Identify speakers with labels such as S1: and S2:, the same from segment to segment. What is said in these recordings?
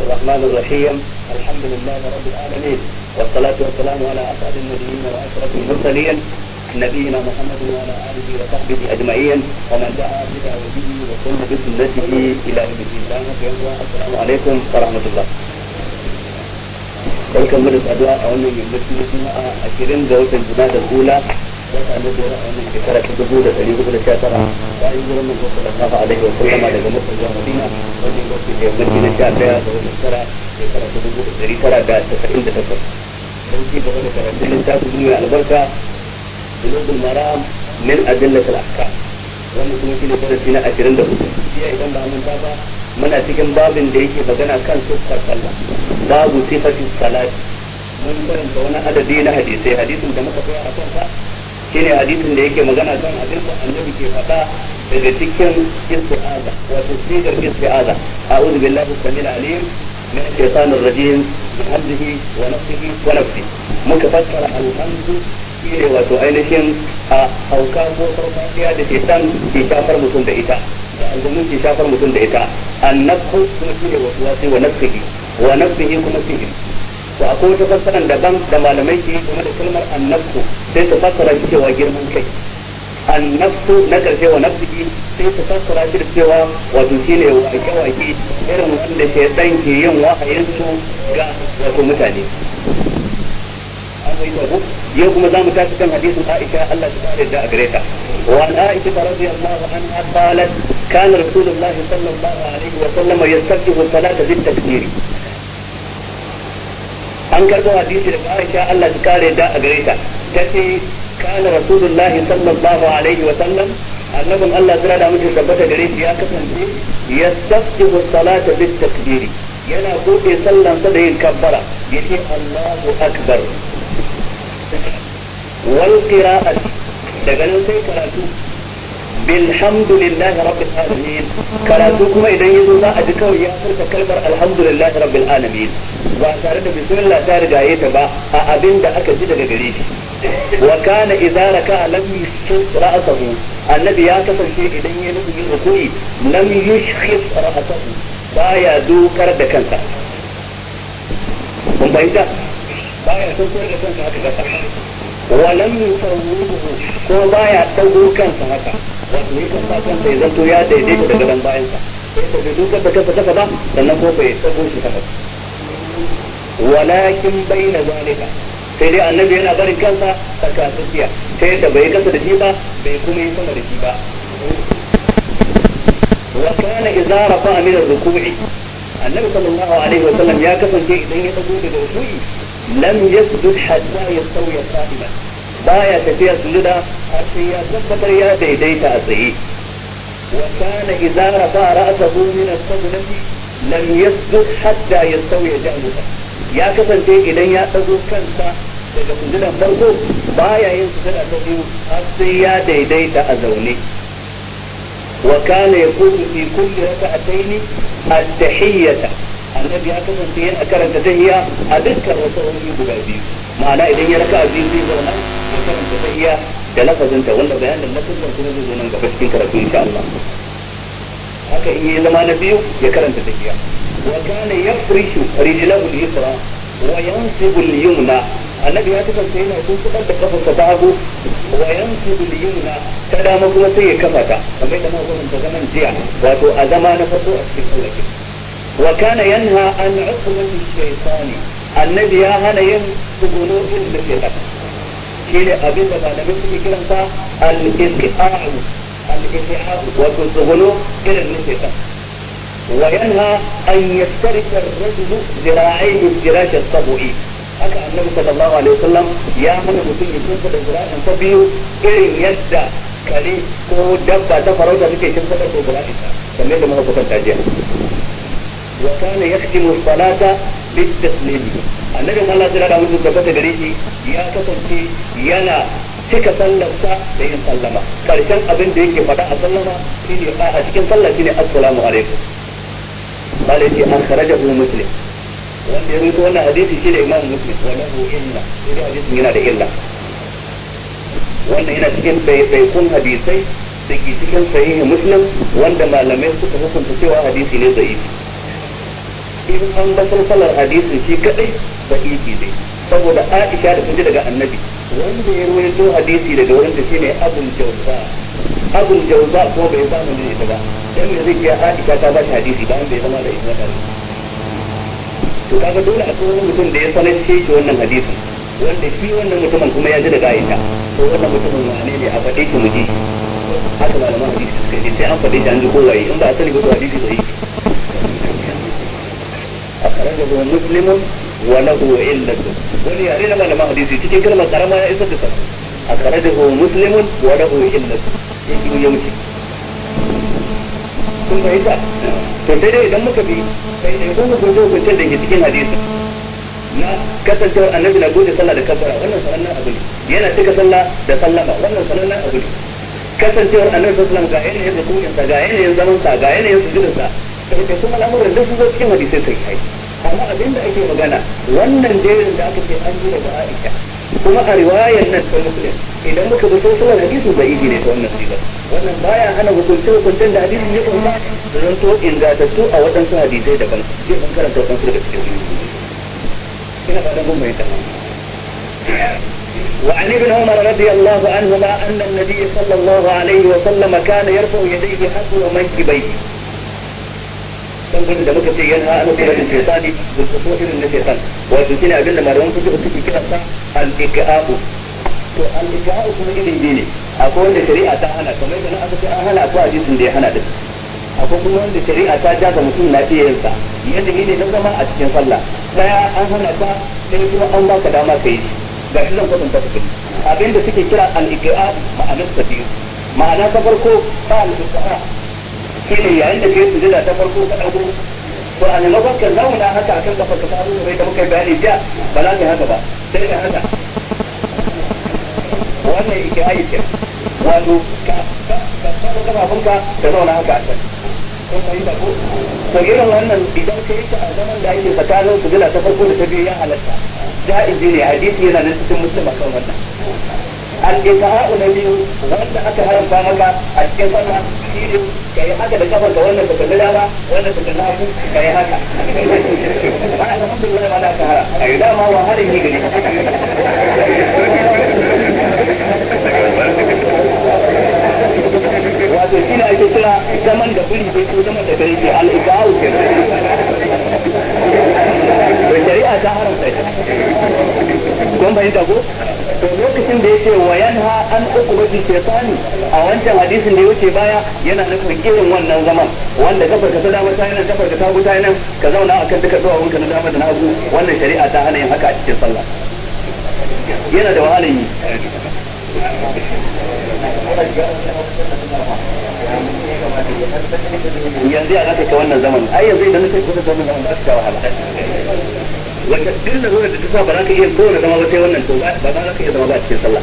S1: الرحمن الرحيم الحمد لله رب العالمين والصلاة والسلام على أسعد النبيين وأشرف المرسلين نبينا محمد وعلى آله وصحبه أجمعين ومن دعا بدعوته وسن بسنته إلى يوم الدين السلام عليكم ورحمة الله barkan من da saduwa من wannan yammaci na juma'a الأولى wata ne da wannan shekara ta dubu da ɗari uku da sha tara bayan jiran manzo sallallahu alaihi wa sallama daga Makka zuwa Madina wanda ya kace da Madina sha daya da wata shekara shekara ta dubu da ɗari tara da tasa'in da takwas dan ci gaba da karatun littafin mai albarka Bulugul Maram min adillatil ahkam wannan kuma shine darasi na 24 jiya idan ba mun ba muna cikin babin da yake magana kan sifar sallah babu sifatin salati mun karanta wani adadi na hadisai hadisin da muka koya a kansa shine hadisin da yake magana kan abin da annabi ke faɗa daga cikin isti'aza wato sigar isti'aza a'udhu billahi samil alim من الشيطان الرجيم من muka fassara alhamdu shine wato ainihin a hauka ko da ke san ke shafar mutum da ita da aljamin ke shafar mutum da ita kuma shine wasu wa nafsihi wa nafsihi kuma to akwai wata fassaran daban da malamai ke game da kalmar annafsu sai ta fassara shi cewa girman kai annafsu na karshe wa nafsiki sai ta fassara shi da cewa wato shine wake wake irin wanda ke dan ke yin wahayin su ga wato mutane yau kuma za mu tashi kan hadisin Aisha Allah ta kare da gare ta wa an Aisha radiyallahu an qalat kana rasulullahi sallallahu alaihi wa sallam yastaqbilu salata bit takbiri an karɓo hadisi daga Aisha Allah ta kare da a gare ta ce kana rasulullahi sallallahu alaihi wa sallam annabin Allah zira da mutum tabbata gare shi ya kasance yastaftihu salata bit takbiri yana buɗe sallan sa da yin kabbara yace Allahu akbar wal qira'at daga nan sai karatu bilhamdulillahi rabbil alamin karatu kuma idan yazo za a ji kawai ya furta kalmar alhamdulillahi rabbil alamin ba tare da bismillah ta rigaye ta ba a abin da aka ji daga gare shi wa kana idza raka'a lam yushkhis ra'sahu annabi ya kasance idan ya nufi yin rukui lam yushkhis ra'sahu baya dokar da kansa kun bayyana baya dokar da kansa haka walam yusawwiruhu ko ya dago kansa haka wato yakan ba kansa ya zanto ya daidai daga dan bayan sa sai da dukar da kansa ta ba sannan ko bai dago shi haka walakin baina zalika sai dai annabi yana barin kansa tsakatsakiya ta yadda bai kasa da shi ba bai kuma yi sama da shi ba wa kana idza rafa'a min ar-ruku'i annabi sallallahu alaihi wa sallam ya kasance idan ya dago daga ruku'i lam yasjud hatta yastawi qa'iman baya tafiya sujuda har ya tabbatar ya daidaita a tsaye wa kana idza rafa ra'sahu min as-sajdati lam yasjud hatta ya kasance idan ya dago kansa daga sujudan farko baya yin sujuda ta biyu har sai ya daidaita a zaune wa ya yaqulu fi kulli raka'atayn at-tahiyyata annabi ya kasance yana karanta tahiyya a dukkan wani guda biyu ma'ana idan ya raka biyu zai zauna ya karanta iya da lafazinta wanda bayanin lafazin kuma zai zo nan gaba cikin karatu insha Allah haka in yi zama na biyu ya karanta tahiyya wa kana yafrishu rijlahu al-yusra wa yansibu al-yumna annabi ya kasance yana kunkudar da kafarsa ta hagu wa yansibu al-yumna ta dama kuma sai ya kafa ta kamar da ma gwamnati zaman jiya wato a zama na farko a cikin kawai. wa kana yanha an uqlin shaytani annabi ya hana yin tsuguno irin da ke kasa shi ne abin da malamai suke kiransa al-isti'a'u al-isti'a'u wato tsuguno irin da ke kasa وينهى أن يفترس الرجل ذراعيه افتراش الصبع haka annabi sallallahu alaihi wasallam ya hana mutum ya kinsa da zira'in ta biyu irin yadda kare ko dabba ta farauta suke kinsa da zira'in ta kamar da muka kusanta jiya وكان يختم الصلاة بالتسليم النبي صلى الله عليه وسلم tabbata gare shi ya kasance yana cika sallarsa da yin sallama karshen abin da yake faɗa a sallama shine a cikin sallah shine assalamu alaikum bale ce an kharajahu muslim wanda ya rubuta wannan hadisi shine imam muslim wa lahu illa sai hadisin yana da illa wannan yana cikin baikun hadisai da ke cikin sahihi muslim wanda malamai suka hukunta cewa hadisi ne da'ifi in an ga salsalar hadisin shi kadai da iki ne saboda Aisha da kunji daga Annabi wanda ya rawaito hadisi daga wurin ta shine Abul Jawza Abul Jawza ko bai zama ne ita ba dan me zai ya Aisha ta ba shi hadisi wanda bai zama da ita ba to kaga dole a tsohon mutum da ya sanar shi wannan hadisin wanda shi wannan mutumin kuma ya ji daga Aisha to wannan mutumin wane ne a faɗe shi mu ji haka malaman hadisi suka ce sai an faɗe shi an ji kowaye in ba a sani ba hadisi zai yi أخرجه مسلم وله علة illatu wani من المهديسي تكي كلمة cikin kalmar karama أخرجه isa وله sa akhrajahu يمشي wa lahu illatu yake مكبي wuce يقوم بوجوه to sai dai muka bi na kasancewar annabi na gode sallah da kafara wannan sanannen abu ne yana cika sallah da sallama wannan sanannen abu ne kasancewar annabi sallallahu alaihi wasallam ga yanayin rukunsa ga yanayin zamansa ga yanayin sa. sai da kuma al'amuran duk sun zo cikin hadisai sai kai amma abinda ake magana wannan jerin da aka ce an yi da Aisha kuma a riwayar nan ta muslim idan muka bi sai sunan hadisi da ibi ne ta wannan sigar wannan baya hana hukunce hukuncen da hadisi ya kuma zan to ingantattu a waɗansu hadisai daban sai mun karanta waɗansu daga cikin ina fatan kun bayyana وعن ابن عمر رضي الله عنهما أن النبي صلى الله عليه وسلم كان يرفع يديه حسب منكبيه din da muka ce yana ana kuma da da kuma irin na wato shine abin da malaman fiqh suke kira sa al-iqa'u to al-iqa'u kuma irin ne akwai wanda shari'a ta hana kamar aka ce an hana akwai hadisin da ya hana din akwai kuma wanda shari'a ta jaza mutum yadda na zama a cikin sallah daya an hana ta sai kuma an dama ga shi zan kwatanta su suke kira al-iqa'u ma'anar ma'ana ta farko ta al-iqa'u ne yayin da kai sujada ta farko ka dago to a maimakon ka zauna haka akan kafa ka faru sai da muka bayani biya ba za ka haka ba sai ka haka wannan yake aiki wato ka ka ka ka ka zauna haka akan to irin wannan idan ka yi a zaman da ake tsakanin su ta farko da ta biyu ya halatta ja'izi ne hadisi yana nan cikin musulma kan wannan al-iqa'u nabiyu wanda aka haramta maka a cikin sana shi kai haka da kafar da wannan ka kalli dama wannan ka kalli hagu kai haka ba alhamdulillah wala ka hara ai dama wa harin ne gani wato shi ne ake kira zaman da kuri bai ko zaman da kare ke al-iqa'u kenan shari'a ta haramta kun fahimta ko to lokacin da yake wayan ha an uku ukubati shaytani a wancan hadisin da yake baya yana nufin irin wannan zaman wanda kafar ka ta dama ta yana kafar ka ta ta yana ka zauna akan duka duwawun ka na dama da na hagu wannan shari'a ta hana yin haka a cikin sallah yana da wahalar yi yanzu ya zaka ka wannan zaman ai yanzu idan ka kusa zaman zaman za ka wahala wanda duk larurar da ta sa ba za ka iya kowane zama ba sai wannan to ba za ka iya zama ba a cikin sallah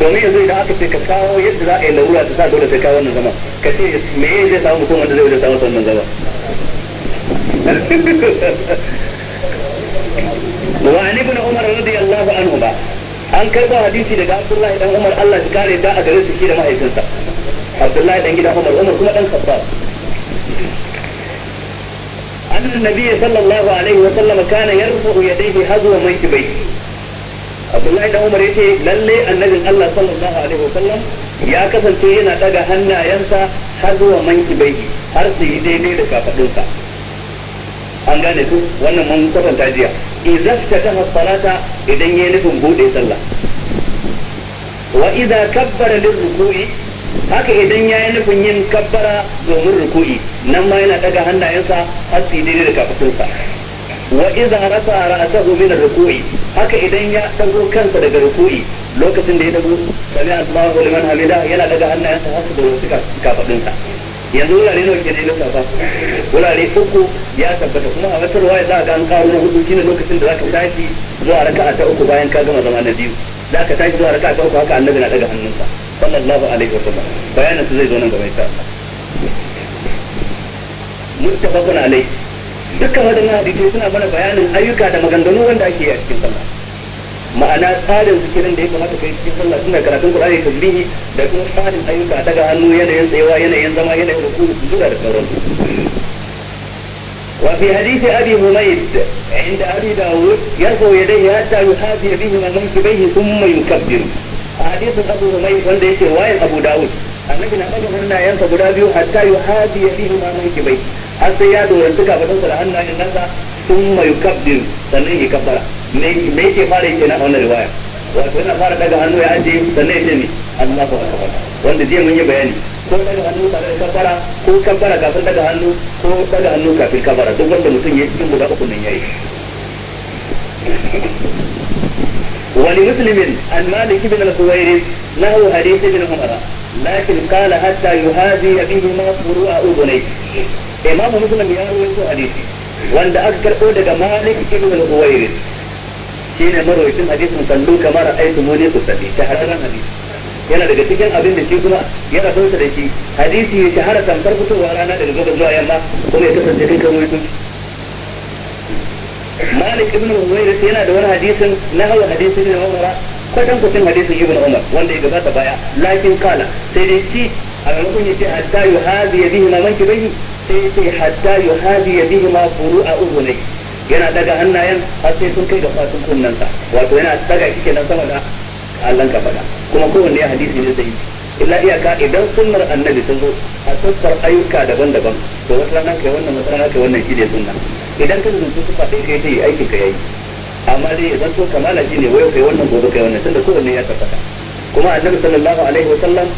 S1: domin yanzu idan aka ce ka kawo yadda za a yi larura ta sa dole sai kawo wannan zama ka ce me ya zai samu mutum wanda zai wajen samu wannan zama وعن ابن عمر رضي anhu ba an kai karba hadisi daga Abdullahi dan Umar Allah ya kare da a gare su shi da mahaifinsa Abdullahi dan gidan Umar Umar kuma dan Khattab أن النبي صلى الله عليه وسلم كان يرفع يديه هزو منكبيه عبد الله بن عمر يتي للي النبي الله صلى الله عليه وسلم ya kasance yana daga hannayensa har zuwa manki bai har su yi daidai da kafadunsa an gane su wannan mun kwatanta jiya idan ta kafa salata idan yayi nufin bude sallah wa idza kabbara lirruku'i haka idan ya yi nufin yin kabbara domin ruku'i nan ma yana daga hannayensa har su daidai da kafafunsa wa idza rafa ra'sahu min ruku'i haka idan ya dago kansa daga ruku'i lokacin da ya dago sami Allahu liman hamida yana daga hannayensa har su da da kafafunsa yanzu wurare nawa ke daidai safa wurare uku ya tabbata kuma a wata ya za a ga an karo na hudu shine lokacin da za ka tashi zuwa raka'a ta uku bayan ka gama zama na biyu da aka tashi zuwa raka'a ta uku haka annabi na daga hannunsa sallallahu alaihi wa sallam bayanin su zai zo nan gaba insha Allah muttafaqun alaihi dukkan wadannan hadisi suna mana bayanin ayyuka da maganganu wanda ake yi a cikin sallah ma'ana tsarin zikirin da ya kamata kai cikin sallah suna karatun qur'ani tasbihi da kuma tsarin ayyuka daga hannu yanayin tsayawa yanayin zama yanayin ruku'u zuwa da sauransu وفي حديث ابي حميد عند ابي داود يرفع يديه حتى يحاذي بهما منكبيه ثم يكبر حديث ابو حميد عنده روايه ابو داود النبي نعم له هنا ينفع حتى يحاذي بهما منكبيه حتى يدور السكة فتنسى ان الناس ثم يكبر سنه كبر ميك فاري كنا هنا رواية وكنا فارتك هنو يعجي سنه جميع الله فقط وانت دي من يبيني ko daga hannu tare da kafara ko kafara kafin daga hannu ko daga hannu kafin kafara duk wanda mutum ya cikin guda uku nan yayi wani muslimin an malik ibn al-huwairi lahu hadith ibn umara lakin qala hatta yuhadi bihi ma furu'a udunay imam muslim ya rawaito hadisi wanda aka karbo daga malik ibn al-huwairi shine marwayin hadisin sallu kamar aitu muni ta hadaran hadisi yana daga cikin abin da shi kuma yana sauta da shi hadisi ya shahara tamkar fitowa rana daga gaba zuwa yamma kuma ya kasance kai kan tuki Malik ibn Umayr yana da wani hadisin na hawa hadisin da Umar kwatan kusin hadisin Ibn Umar wanda ya gabata baya lakin kala sai dai shi a maimakon yace hatta yuhadi bihi ma manki bai sai sai hatta yuhadi bihi ma furu'a ubunai yana daga hannayen har sai sun kai ga fatun kunnansa wato yana daga kike nan sama da Allah ka faɗa kuma kowanne hadisi ne sai illa iyaka idan sunnar annabi sun zo a sassar ayyuka daban-daban to wata rana kai wannan wata rana kai wannan shine sunna idan ka zuntu su faɗi kai ta yi aikin ka yayi amma dai idan so kamala ne wayo kai wannan gobe kai wannan tunda kowanne ya tabbata kuma annabi sallallahu alaihi wasallam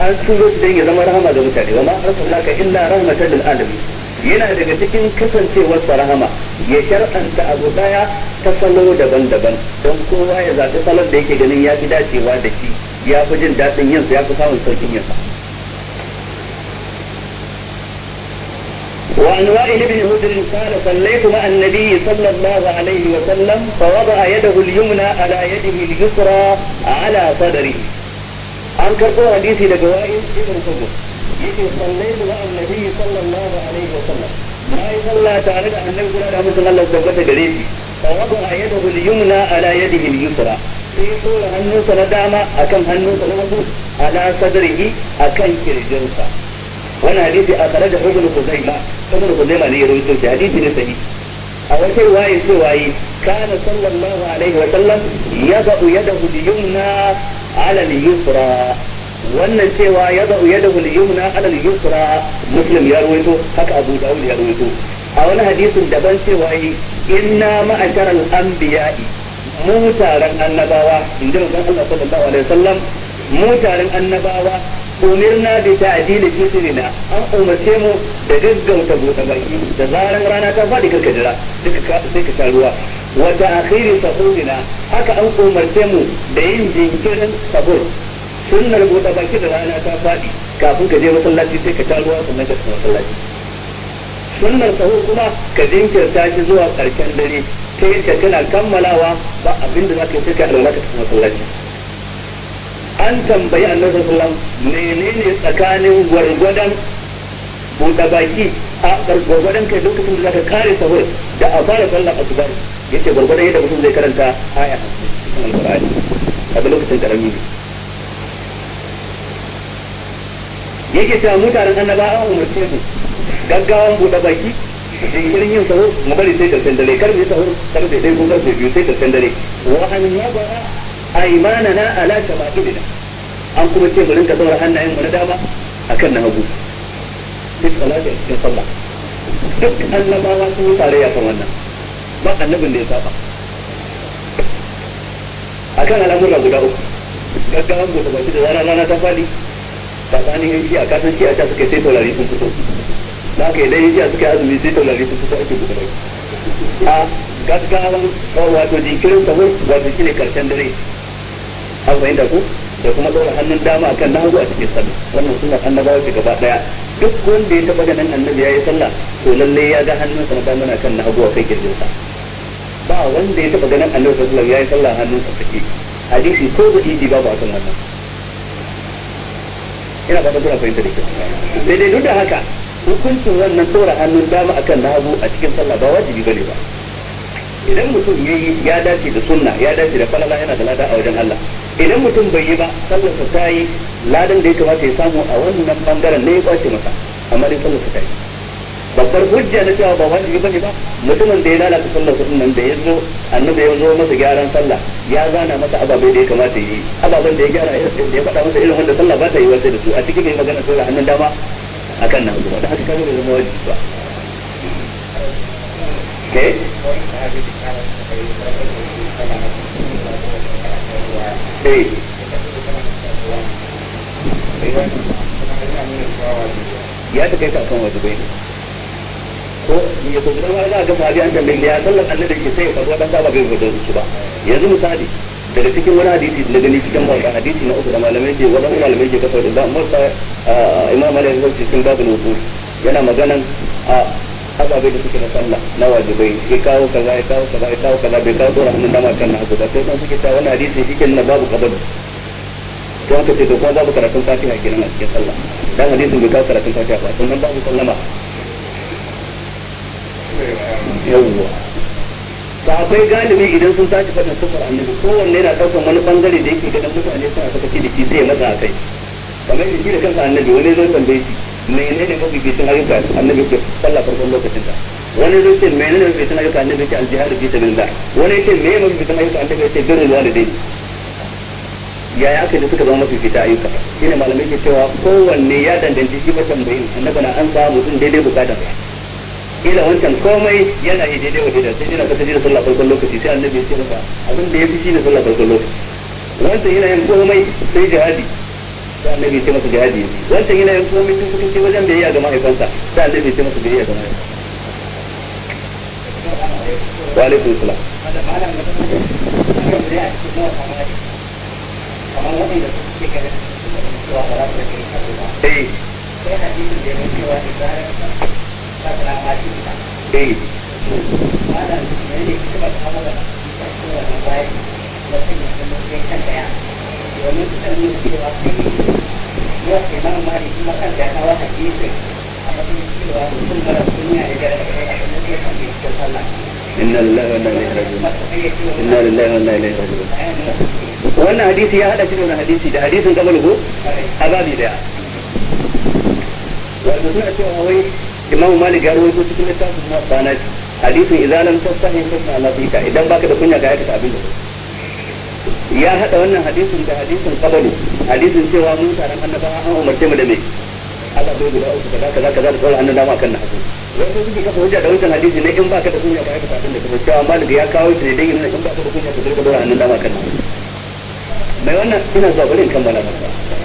S1: an turo shi dan ya zama rahama ga mutane wa ma arsalnaka illa rahmatan lil alamin yana daga cikin kasancewar rahama ya sharɗanta abu daya ta salo daban-daban don kowa ya zaɓi salon da yake ganin ya fi dacewa da shi ya fi jin daɗin yansa ya fi samun saukin yansu وعن وائل بن هدر قال صليت مع النبي صلى الله عليه وسلم فوضع يده اليمنى على يده اليسرى على صدره. عن كربو حديثي لجوائل ابن هدر yake sallaitu ma annabi sallallahu alaihi wasallam na yi sallah tare da annabi kula da mutum Allah ya tabbata gare shi fa wada yadahu al-yumna ala yadihi al-yusra sai tura hannunsa na dama akan hannunsa na hagu ala sadrihi akan kirjinsa wannan hadisi a tare da ibn Khuzaima ibn Khuzaima ne ya rawaito shi hadisi ne sahihi a wata waye ce waye kana sallallahu alaihi wa sallam yadu yadahu al-yumna ala al-yusra wannan cewa ya zaɓu ya dahul yumna alal yusra muslim ya ruwaito haka abu dawud ya ruwaito a wani hadisin daban cewa yi inna ma'asharal anbiya'i mu Mutaren annabawa inda manzon Allah sallallahu alaihi wasallam mutaren annabawa umirna bi ta'dil jitrina an umarce mu da gaggauta buɗe baki da zaran rana ta faɗi kanka jira duka sai ka taruwa wa ta'khiri sahurina haka an umarce mu da yin jinkirin sahur sunnar buɗa baki da rana ta faɗi kafin ka je masallaci sai ka taruwa ruwa sannan ka tafi masallaci sunnar sahu kuma ka jinkirta shi zuwa ƙarshen dare ta yadda kana kammalawa ba abin da za ka yi sai ka alwala ka tafi masallaci an tambayi annabi sallallahu alaihi menene tsakanin gwargwadon buɗa baki a gwargwadon kai lokacin da zaka kare sahur da a fara sallar asuba yace gwargwadon yadda mutum zai karanta aya cikin alqur'ani a lokacin karami ne yake cewa mutanen annaba an umarce su gaggawan bude baki jinkirin yin sahur mu bari sai karshen dare kar mu sahur kar da dai gobe sai biyu sai karshen dare wa an yaba aymanana ala shama'ilina an kuma ce mu rinka saura hannayen mu na dama akan na hagu duk salati a cikin sallah duk annabawa sun yi tarayya kan wannan ba annabin da ya saba akan al'amura guda uku gaggawan gobe baki da rana rana ta fadi tsakanin yan shi'a kasan shi'a ta suka sai taurari sun fito da haka idan yan shi'a suka yi azumi sai taurari sun fito ake gudanar a gaggawan wato jinkirin sahur wato shi ne karshen dare an fahimta ko da kuma ɗora hannun dama a kan nahu a cikin sallah wannan suna annabawa ce gaba ɗaya duk wanda ya taɓa ganin annabi ya yi sallah to lallai ya ga hannun sa dama na kan nahu a kai kirjinsa ba wanda ya taɓa ganin annabi sallallahu alaihi wasallam ya yi sallah hannun sa take hadisi ko da iji babu akan wannan ina fata kuna fahimta da kyau sai dai duk da haka hukuncin wannan tsora hannun dama akan na hagu a cikin sallah ba wajibi bane ba idan mutum yayi ya dace da sunna ya dace da falala yana da lada a wajen Allah idan mutum bai yi ba sallar sa tayi ladan da ya kamata ya samu a wannan bangaren ne ya kwace masa amma dai sallar sa tayi babbar hujja na cewa ba wajibi bane ba mutumin da ya lalata sallar kudin nan da ya zo annabi ya zo masa gyaran sallah ya zana masa ababe da ya kamata yi ababen da ya gyara da ya faɗa masa irin wanda sallah ba ta yi wata da su a cikin magana sai da hannun dama akan nan da haka kaga bai zama wajibi ba
S2: ke eh
S1: ya ta kai ta kan wajibai ne ko ya so gidan wani ga sahabi an tambaye ya sallar annabi ke sai ya faɗo dan saba bai rubuta su ba yanzu misali daga cikin wani hadisi na gani cikin wani hadisi na uku da malamai ke wadansu malamai ke kafa da masa imam Ali ya cikin babul wudu yana maganan a ababe da suke na sallah na wajibai ya kawo kaza ya kawo kaza ya kawo kaza bai kawo tsoron hannun dama kan na hagu ba sai suke cewa wani hadisi shi kenan babu kabari to haka ce to kuma babu karatun fatiha kenan a cikin sallah dan hadisin bai kawo karatun fatiha ba sannan babu sallama yawwa sahabbai galibi idan sun tashi faɗin a annabi kowanne yana ɗaukar wani bangare da yake ganin mutane suna saka ci da shi sai matsa a kai kamar yadda shi da kansa annabi wani zai tambaye shi menene ne mafi bitin ayyuka annabi ke sallah farkon lokacin da wani zai ce menene mafi bitin ayyuka annabi ke aljihar fi sabilillah wani ya ce me mafi bitin ayyuka annabi ce birrul walidaini yaya aka da suka zama mafi fita ayyuka shine malamai ke cewa kowanne ya danganci shi matambayin annabi na an samu mutum daidai bukatar kila wancan komai yana yi daidai wa daidai sai yana kasa jira sallah farkon lokaci sai annabi ya ce masa abin da ya fi shine sallah farkon lokaci wancan yana yin komai sai jihadi sai annabi ya ce masa jihadi ya wancan yana yin komai sai kusanci wajen da ya ga mahaifansa sai annabi ya ce masa biyayya ga mahaifansa wa alaikum salam kamar ya cewa da eh wannan hadisi ya hada shi da hadisi da hadisin kamar ko a babi daya wanda suna cewa wai imamu malik ya rawaito cikin littafin muwaffana hadisin idza lam tastahi fasna ala fika idan baka da kunya ga aikata abin da ya hada wannan hadisin da hadisin kabalu hadisin cewa mun taron annabawa an umarce mu da me Allah bai guda uku kaza kaza kaza da sauran annan dama kan haka wai sai suke kafa hujja da wancan hadisi ne in baka da kunya ga aikata abin da kuma cewa malik ya kawo shi ne dan yin in baka da kunya ka dora annan dama kan mai wannan ina zuwa bari in kammala maka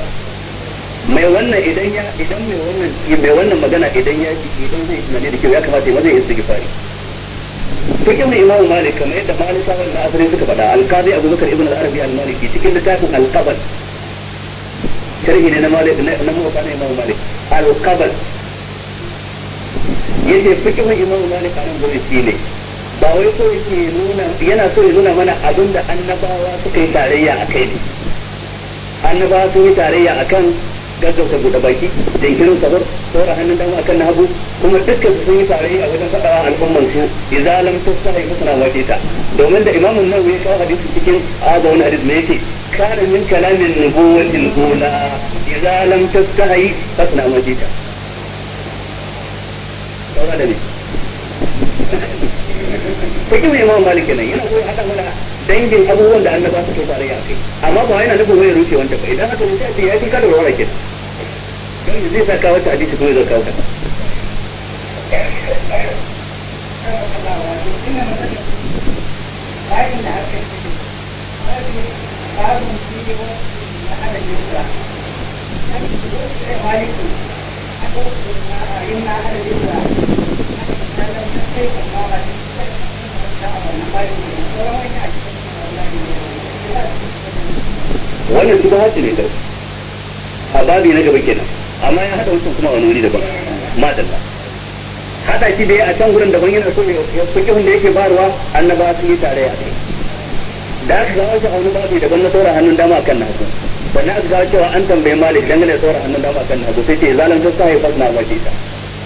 S1: mai wannan idan ya idan mai wannan mai wannan magana idan ya ji idan zai tunani da kyau ya kamata ya zai istighfari cikin da imamu malik kamar yadda malika na asirin suka faɗa alqazi abu bakar ibn al-arabi al-maliki cikin littafin al-qabr sharhi ne na malik na mawaka na imamu malik al-qabr cikin fikihu imamu malik anan gurin ne ba wai so yake nuna yana so ya nuna mana abin da annabawa suka yi tarayya a kai ne annabawa sun yi tarayya akan gaggauta buɗe baki da jinkirin sahur tsora hannun dama akan na hagu kuma dukkan su sun yi tarayya a wajen faɗa al'umman su idza lam suna wace ta domin da imamun nawawi ya kawo hadisi cikin aga wani hadisi mai yake kana min kalamin nubuwatil ula idza lam tastahi fasna wajita saura da ne fiqh imam malik kenan yana so haka hada mana dangin abubuwan da annaba su fara ya kai amma ba yana nufin wai rufe wanda ba idan haka ne sai ya fi kada wala kenan dan zai sa kawo ta hadisi kuma zai kawo ta
S2: Thank you.
S1: wannan su ba hacci ne kai a babi na gaba kenan amma ya hada wasu kuma wani wuri daban madalla hada shi da ya a can gurin daban yana so ya fuki da yake barwa annaba su yi tare a kai da aka gawo shi a wani babi daban na saura hannun dama kan na hagu sannan aka gawo cewa an tambaye malik dangane da saura hannun dama kan na hagu sai ce zalantar sa ya fasna wace ta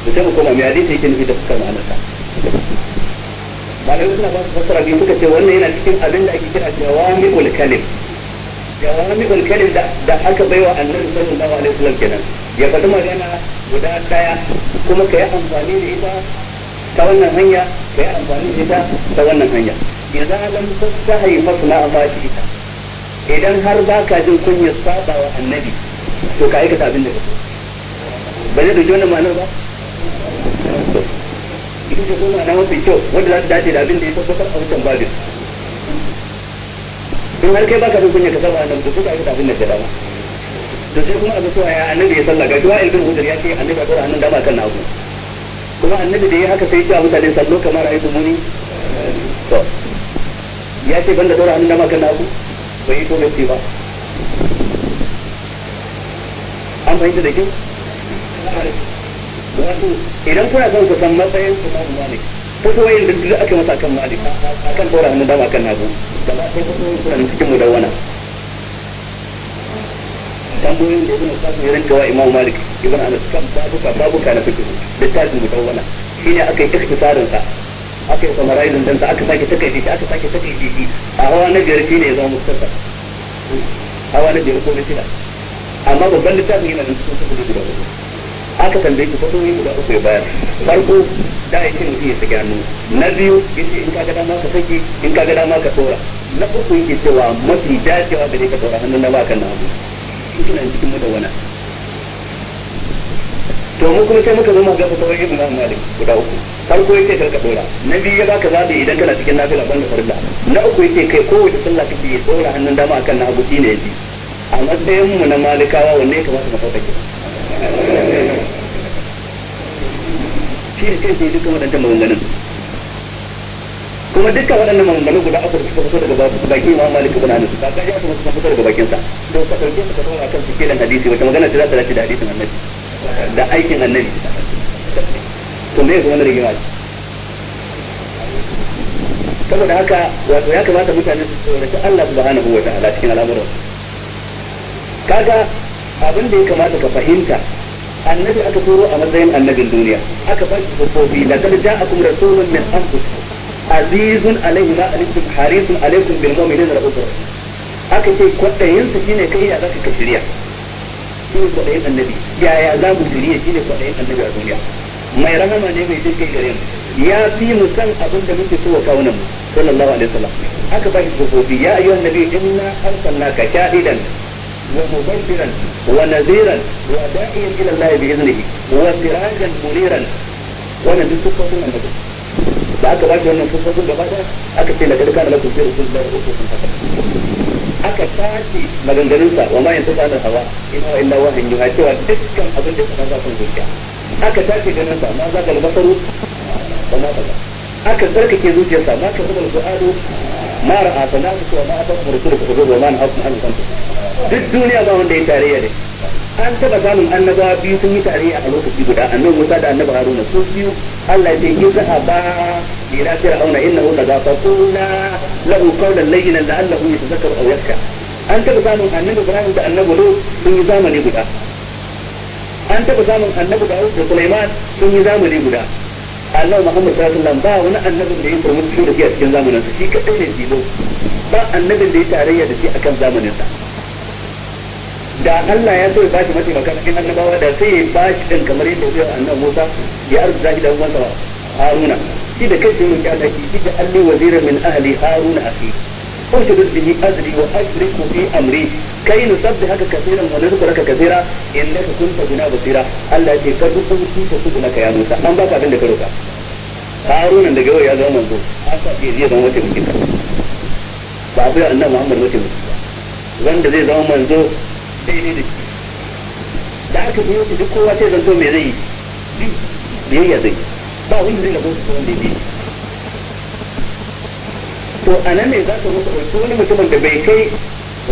S1: da sai mu koma mai hadisi yake nufi da fuskar ma'anarsa malamai suna ba su fassara biyu suka ce wannan yana cikin abin da ake kira jawami'ul kalim jawami'ul kalim da aka baiwa annabi sallallahu alaihi wasallam kenan ya faɗi magana guda daya kuma ka yi amfani da ita ta wannan hanya ka yi amfani da ita ta wannan hanya idza lam tastahi fasna ma ita idan har ba ka jin kunyar saba wa annabi to ka aikata abin da so ba zai dauki wannan ma'anar ba ita ce kuma na mafi kyau wanda za su dace da abin da ya tabbatar a wancan babin in har kai ba baka son kunya ka saba annabi to sai ka aikata abin da ka dama to sai kuma a ga cewa ya annabi ya sallah ga duwa ibn hudar ya ce annabi a dora hannun dama kan nagu kuma annabi da ya haka sai cewa mutane sallo kamar a ayi muni to ya ce banda dora hannun dama kan nagu bai yi to bai ba an fahimta da kyau idan kuna son ku san matsayin su malik ko kuma yin dindiga aka masa akan malik akan dora hannun dama akan nagu da ba ta kuma kuna cikin mudawwana tambayoyin da ibn Qasim ya rinka Imam Malik ibn Anas kan babuka babuka na fiqh littafin mudawwana shine aka ikhtisarin sa aka yi summarizing sa aka sake takaice aka sake takaice a hawa na biyar shine ya zama muktasar hawa na biyar ko na shida amma babban littafin yana da cikin su guda hudu aka tambaye shi yi guda uku ya bayar farko da ya ce mutum ya saki hannu na biyu ya ce in ka gada dama ka saki in ka gada dama ka tsora na uku yake cewa mafi dacewa da ka tsora hannun na baka na abu suna cikin madawana to mu kuma sai muka zo mu ga fatawoyi ibn Malik guda uku farko yake kar ka tsora na biyu ya baka zabi idan kana cikin nafila banda farilla na uku yake kai kowace sallah kake yi tsora hannun dama akan na abu shine yaji a matsayin mu na malikawa wanne ya kamata mu sauka shi da kanshi ya dukkan waɗannan maganganun kuma dukkan waɗannan maganganun guda uku da suka fito daga bakin Imam Malik ibn Anas ba ka ji su suka fito daga bakin sa to ka dauke su ka dora kan cikin hadisi wata magana ta zata dace da hadisin Annabi da aikin Annabi to me yake wannan rigima saboda haka wato ya kamata mutane su tsoraci Allah subhanahu wa ta'ala cikin al'amuran kaga abin da ya kamata ka fahimta annabi aka turo a matsayin annabin duniya aka ba shi kofofi ja akum rasulun min anfusikum azizun alaihi ma alikum harisun alaikum bil mu'minin rabbul aka ce kwadayin sa shine kai ya zaka ka shirya shine kwadayin annabi yaya za mu shirya shine kwadayin annabi a duniya mai rahama ne mai jin kai gare mu ya fi mu san abin da muke so wa kawunan mu sallallahu alaihi wasallam aka ba shi kofofi ya ayyuhan nabi inna arsalnaka shahidan ومبشرا ونذيرا وداعيا الى الله باذنه وسراجا منيرا وانا دي صفاتنا النبي da aka bashi wannan sufofin gaba da aka ce lagar kana lakum fi rasulillahi uswatun hasana aka tace maganganun wa ma yanzu ta hawa in huwa illa wahyin yuha cewa dukkan abin da kana zafin zuciya aka tace ganin ma za ka albasaru wa ma aka tsarkake zuciyarsa ma ka zama alqur'anu ma ra'a ta na mutuwa ma ta mursul ka gobe ma na hakun kanta duk duniya ba wanda ya tarayya da an taba samun annabawa biyu sun yi tarayya a lokaci guda annabi Musa da annabi Haruna su biyu Allah ya yi zaha ba ila fir'auna innahu la ghafaquna lahu qawlan layyinan la'allahu yatazakkaru a yakka an taba samun annabi Ibrahim da annabi Lut sun yi zamani guda an taba samun annabi Dawud da Sulaiman sun yi zamani guda Allah Muhammad sallallahu alaihi wasallam ba wani annabin da ya furmu cikin da shi a cikin zamanin sa shi kadai ne tilo ba annabin da ya tarayya da shi akan zamanin sa da Allah ya so ya bashi mataimaka cikin annabawa da sai ya bashi din kamar yadda ya annabi Musa ya arzuta shi da uwansa Haruna shi da kai sai mun ji shi da Allah wazira min ahli Haruna akhi ko ta bihi azri wa ashriku fi amri kai nusabbihaka kaseeran wa nadhkuraka kaseera innaka kunta bina basira Allah ya ce ka duk tuta ta su naka ya Musa an baka abin da ka roka Haruna da yau ya zama manzo haka ce zai zama wata mutum ba a bai annabi Muhammad wata mutum wanda zai zama manzo daidai da shi da aka biyo shi duk kowa sai zanto me zai yi biyayya zai ba wanda zai gabo su wanda bi to anan ne za ka musu ɗauki wani mutumin da bai kai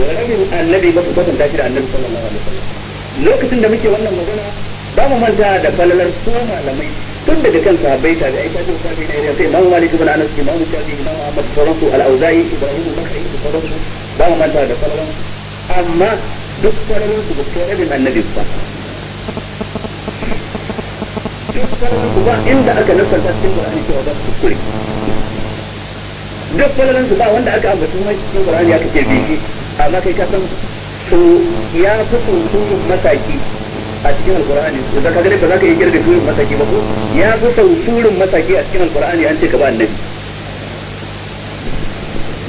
S1: rabin annabi ba su kwatanta shi da annabi sallallahu alaihi wasallam lokacin da muke wannan magana ba mu manta da falalar su malamai tun daga kan sahabbai ta da aika jin sabi na irin sai imamu malik ibn anas imamu shafi imamu ahmad sauransu al-auza'i ibrahim al-bakri da sauransu ba mu manta da falalar amma duk falalar su ba su rabin annabi ba duk falalar su ba inda aka nasarta cikin Qur'ani
S2: cewa ba su kure
S1: duk falalar su ba wanda aka ambata mai cikin Qur'ani aka ce bi amma kai kasan to ya fi tsuntsun mataki a cikin alkur'ani to da ka gani ba za ka yi girbe turin mataki ba ko ya fi sauturin mataki a cikin alkur'ani an ce ka ba annabi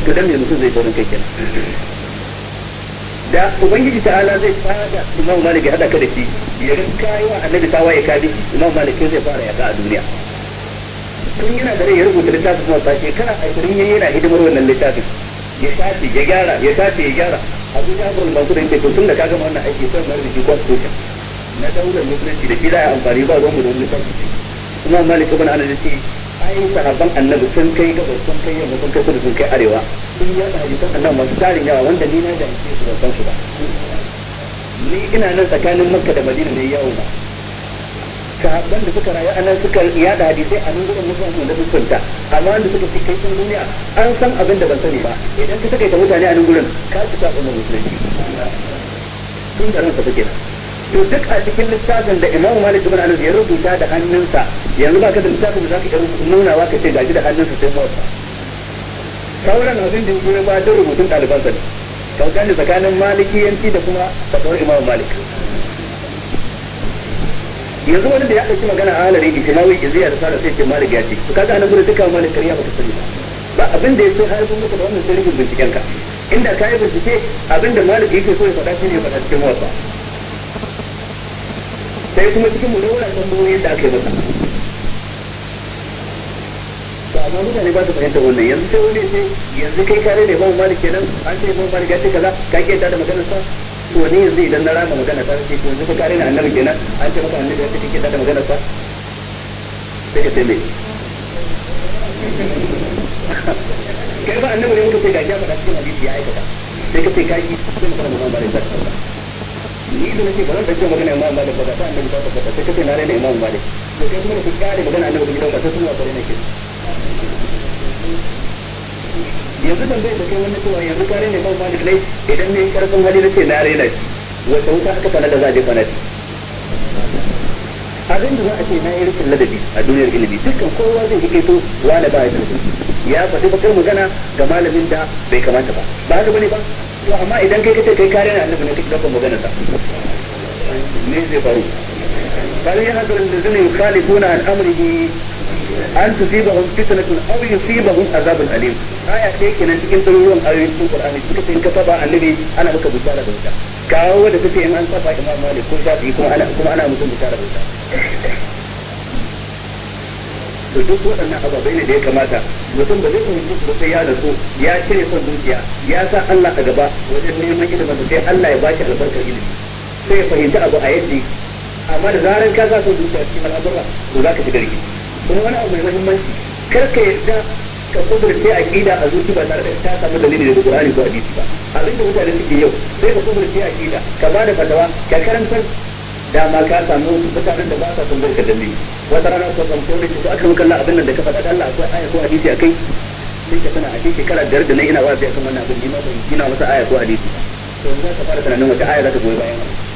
S1: to dan me mutum zai taurin kai kenan da ubangiji ta'ala zai fada imam malik ya hada ka da shi ya ga kayi wa annabi tawa ya kadi imam malik zai fara ya a duniya tun yana da rai ya rubuta littafin kuma ta shekara 20 yana hidimar wannan littafin ya tace ya gyara ya tace ya gyara abu ya bul su da yake to tunda ka gama wannan aiki sai mai rubuci constitution na daular musulunci da shi da ya amfani ba ruwan mu da wannan kuma malik ibn anas yace ai sahabban annabi sun kai gaba sun kai yamma sun kai kudu sun kai arewa sun ya da hadisan annabi masu tarin yawa wanda ni na da ake su ban su ba ni ina nan tsakanin makka da madina ne yawo ba sahabban da suka rayu anan suka yada hadisai a nan musu musulmi da musulunta amma wanda suka fi kai sun duniya an san abin da ban sani ba idan ka takaita mutane a nan gurin ka ci sa umar musulunci tun da ransa take to duk a cikin littafin da Imam Malik ibn Anas ya rubuta da hannunsa yanzu ba ka da littafin da zaka nuna wa ka ce gaji da hannunsa sai mu sauran abin da ya ba da rubutun ɗalibansa ne kauta ne tsakanin malikiyanci da kuma tsakanin Imam Malik yanzu wani da ya ɗauki magana a halari da tilawi iziya da sara sai ce malik ya ce to kaga anan gudu duka malik kariya ba ta sani ba ba abin da ya so harfin maka da wannan sirrin binciken ka inda ka yi bincike abin da malik yake so ya faɗa shi ne ya faɗa cikin wasa sai kuma cikin mu dawara da tambayoyi da aka yi masa Ba amma mutane ba su fahimtar wannan yanzu sai wani ya ce yanzu kai kare ne ba malik kenan an ce ba malik ya ce kaza ka ke da maganar sa to ne yanzu idan na rama magana ta ce ko zuka kare na annabi kenan an ce maka annabi ya kike da magana ta sai ka ce kai ba annabi ne muka ce ga ya faɗa cikin hadisi ya aikata sai ka ce ka yi sai muka magana ba da ta ni da nake ba zan magana imam malik ba ta annabi ta tabbata sai ka ce na rena imam malik to kai kuma da kare magana annabi ba sai kuma ba ke yanzu ban bai da kai wani cewa yanzu kare ne kan malik ne idan ne karfin hali da ce na raina shi wata wuta aka fana da za a je fana abin da za a ce na yi rikin ladabi a duniyar ilimi dukkan kowa zai yi kaito wani ba ya ya faɗi bakar magana ga malamin da bai kamata ba ba haka bane ba to amma idan kai kace kai kare na annabi ne kake daukan magana sa ne zai faru bari ya hadarin da zai yi an amrihi an tusibahum fitnatun aw yusibahum azabun alim aya ce kenan cikin tsoron ayoyin cikin qur'ani duka sai ka saba annabi ana maka bishara da wuta kawo da kace in an saba imam malik ko shafi kuma ana kuma ana mutum bishara da wuta da duk waɗannan ababai ne da ya kamata mutum ba zai yi su sai ya so ya cire son zuciya ya sa Allah a gaba wajen neman ilimin da sai Allah ya shi albarkar ilimi sai ya fahimci abu a yadda amma da zarar ka sa son zuciya cikin al'amura to za ka shiga rikici kuma wani abu mai muhimmanci kar ka yarda ka kudurce aqida a zuci ba tare da ta samu dalili daga Qur'ani ko hadisi ba abin da mutane suke yau sai ka kudurce kida ka ba da fatawa ka da dama ka samu mutanen da ba sa son barka dalili wata rana ko kan kore ko aka kalla abin nan da ka faɗa Allah akwai aya ko hadisi akai sai ka sana a cikin shekara biyar da nan ina wazi akan wannan abin ni ma ban gina masa aya ko hadisi to yanzu ka fara tunanin wata aya za ta goyi bayan wannan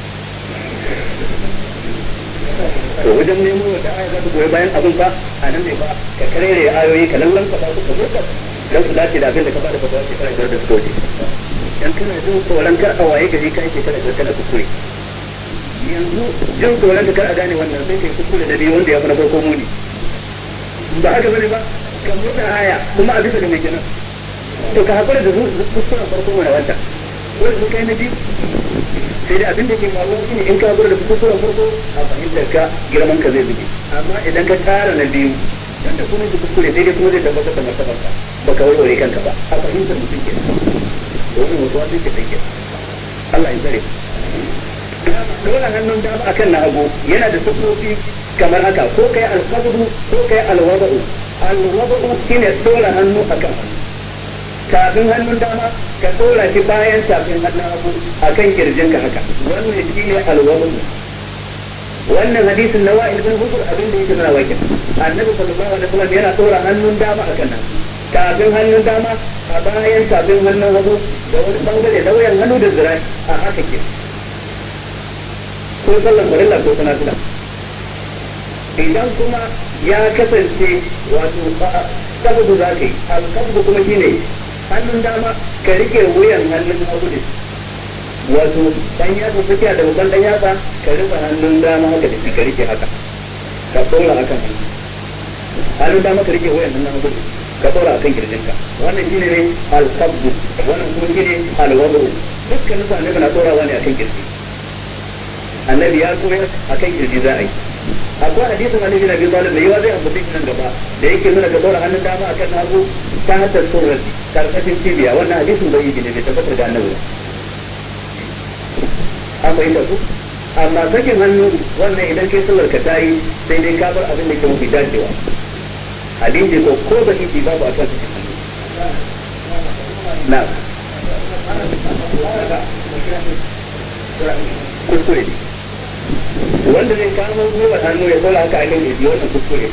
S1: to wajen nemo da aya za ta goyi bayan abin ba a nan ne ba ka karere ayoyi ka lallan ka su ka burka dan su dace da abin da ka bada fatawa shekara biyar da suka wuce dan kana jin tsoron kar a waye gari kai shekara biyar kana kuskure yanzu jin tsoron ka kar a gane wannan sai kai kuskure da biyu wanda ya fi na farko muni ba haka bane ba ka murna aya kuma a bisa ga mai kenan to ka hakura da kuskuren farko mana wancan dole sun kai na biyu sai dai abin da ke faruwa shi in ka gura da kusuran farko a fahimtar ka girman ka zai zube amma idan ka tsara na biyu dan da kuma kuskure sai dai kuma zai tabbatar da martabar ka baka warware kanka ba a fahimtar mutum ke domin wasu wasu ke take Allah ya tsare dole hannun da akan na hagu yana da sufofi kamar haka ko kai alqabdu ko kai alwada'u alwada'u shine dole hannu akan hannu tafin hannun dama ka tsora shi bayan tafin hannun hagu akan kirjinka haka wannan shine alwabun wannan hadisin na wa'il bin huzur abin da yake nuna wakin annabi sallallahu alaihi wasallam yana tsora hannun dama akan nan tafin hannun dama a bayan tafin hannun hagu da wani bangare da wayan hannu da zira a haka ke ko sallan farilla ko sanatula idan kuma ya kasance wato kabdu za ka yi kuma kuma shine hannun dama ka rike wuyan hannun hagu da wato dan yatsa tsakiya da babban dan yatsa ka rufe hannun dama haka da ka rike haka ka tsora akan hannun hannun dama ka rike wuyan hannun hagu da ka tsora akan kirjinka wannan shine ne al-qabd wannan kuma shine al-wad'u dukkan su annabi na tsorawa ne akan kirji annabi ya koyar akan kirji za a yi akwai hadisin Ali bin Abi Talib mai yawa zai ambace shi nan gaba da yake nuna ga dora hannun dama akan hagu ta haddar tsoron karkashin cibiya wannan hadisin bai yi ne bai tabbatar da annabi an bai su amma sakin hannu wannan idan kai sallar ka tayi sai dai ka bar abin da ke mafi dacewa hadisi ko ko da shi babu akan sakin hannu na kuskure ne wanda zai kama gwiwar hannu ya dora haka akan yaji wannan kuskure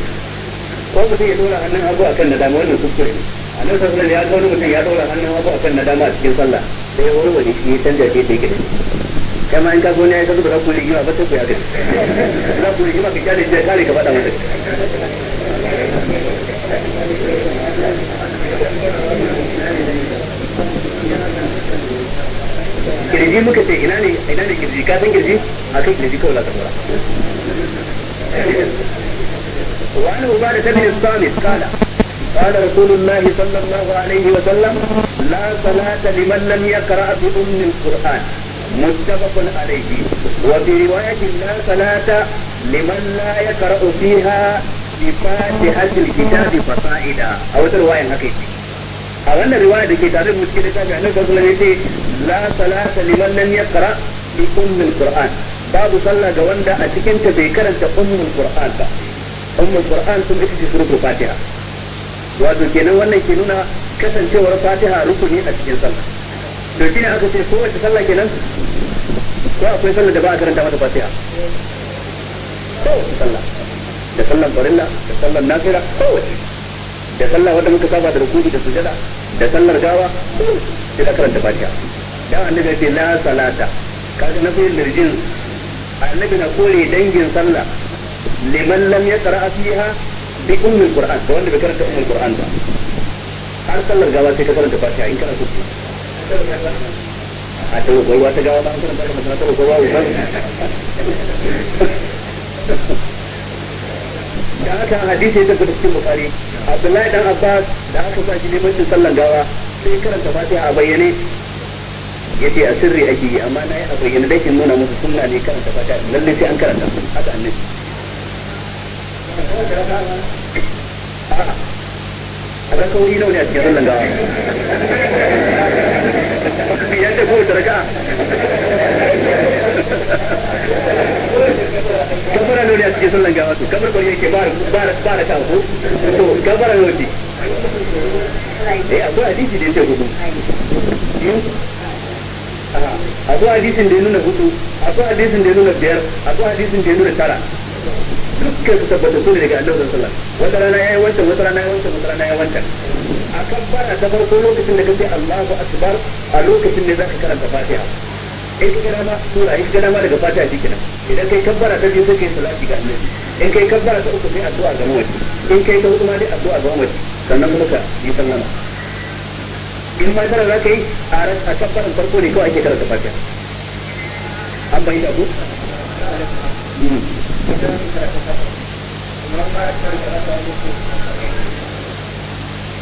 S1: ko mutum ya dora hannun hagu kan na dama wannan kuskure a nan sassan ya ga wani mutum ya dora hannun hagu kan na dama a cikin sallah sai ya wani wani shi ya canja shi da yake da kama in ka gona ya kasu da hakun gima ba ta ku ya gani za ku rigima ka kyale shi ya kare ka faɗa mutum kirji muka ce ina ne ina ne kirji ka san kirji a kan kirji kawai la tabara wa an uba da tabi sami kala kala wa sallam la salata liman lam yaqra bi ummi alquran متفق عليه وفي رواية لا صلاة لمن لا يقرأ فيها a wannan riwaya da ke tare da cikin littafi annabi sallallahu alaihi wasallam yace la salata liman lam yaqra bi ummil qur'an babu sallah ga wanda a cikin ta bai karanta ummul qur'an ba ummul qur'an sun ita suratul fatiha wato kenan wannan ke nuna kasancewar fatiha rukuni a cikin sallah to shine aka ce ko wace sallah kenan ko akwai sallah da ba a karanta mata fatiha ko wace sallah da sallan farilla da sallan nafila ko wace da sallah wanda muka saba da rukuki da sujada da sallar gawa sai da karanta fatiha dan annabi ya ce la salata kaga na fiyin dirjin annabi na kore dangin sallah liman lam yaqra fiha bi ummi alquran to wanda bai karanta ummi alquran ba har sallar gawa sai ka karanta fatiha in kana so a ta gwagwarwa ta gawa ba an karanta ba masana ta gwagwarwa ba da haka hadisi ya tabbata cikin bukari abdullahi dan abbas da aka sa shi limancin sallan gawa sai karanta fatiha a bayyane ya ce a sirri ake yi amma na yi a bayyane da ke nuna musu sunna ne karanta fatiha lallai sai an karanta su haka annabi a rakawoyi nawa ne a cikin sallan gawa ya ce kowace raka'a kabara lori a cikin sallan gawa to kabar bari yake ba ba da kan ko to kabara lori eh akwai hadisi da yake hudu hmm? akwai hadisin da ya nuna hudu akwai hadisin da ya nuna biyar akwai hadisin da ya nuna tara dukkan su tabbata su ne daga annabi sallallahu alaihi wata rana yayi wancan wata rana yayi wancan wata rana yayi wancan a kan fara ta farko lokacin da kace Allahu akbar a lokacin ne zaka karanta Fatiha in ka gana ma sura in ka ma daga fata shi kai kabbara ta biyu sai kai salati ga in kai kabbara ta uku sai addu'a ga mawaci in kai ta ma dai addu'a ga mawaci sannan kuma ka yi sallama in ma tara zaka yi a a kabbaran farko ne kawai ake karanta an bayyana abu hmm.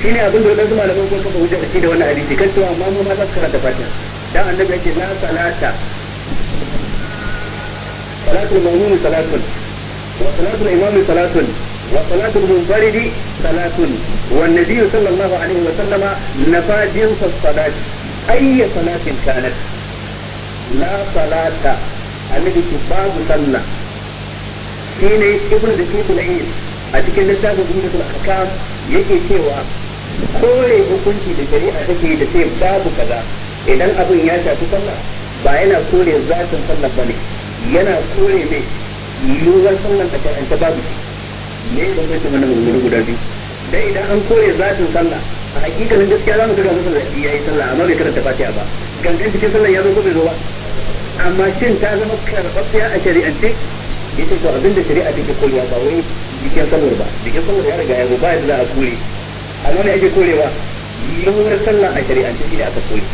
S1: shi ne abin da wadansu malamai ko kafa wujen da shi da wannan hadisi kan cewa amma mu ma za su karanta fatiha dan annabi yake la salata salatu ma'mum salatun wa salatu imam salatun wa salatul munfarid salatun wa nabiy sallallahu alaihi wa sallama na jinsa salat ayya salatin kanat la salata annabi ki babu sallah shine ibnu da kitul a cikin littafin jumlatul ahkam yake cewa kore hukunci da shari'a take da sai babu kaza idan abin ya shafi sallah ba yana kore zatin sallah ba ne yana kore ne yiwuwar sallah ta karanta babu ne ya kuma ta wannan gudu guda biyu dan idan an kore zatin sallah a hakikalin gaskiya za mu ga musu da yi sallah amma bai karanta fatiha ba gangan cikin sallah ya zo ko bai zo ba amma shin ta zama karɓaɓɓiya a shari'ance ce to abinda shari'a take korewa ba wai jikin sallar ba jikin sallar ya riga ya zo ba yadda za a kore amma ne ake korewa yiwuwar sallah a shari'ance shi ne aka kore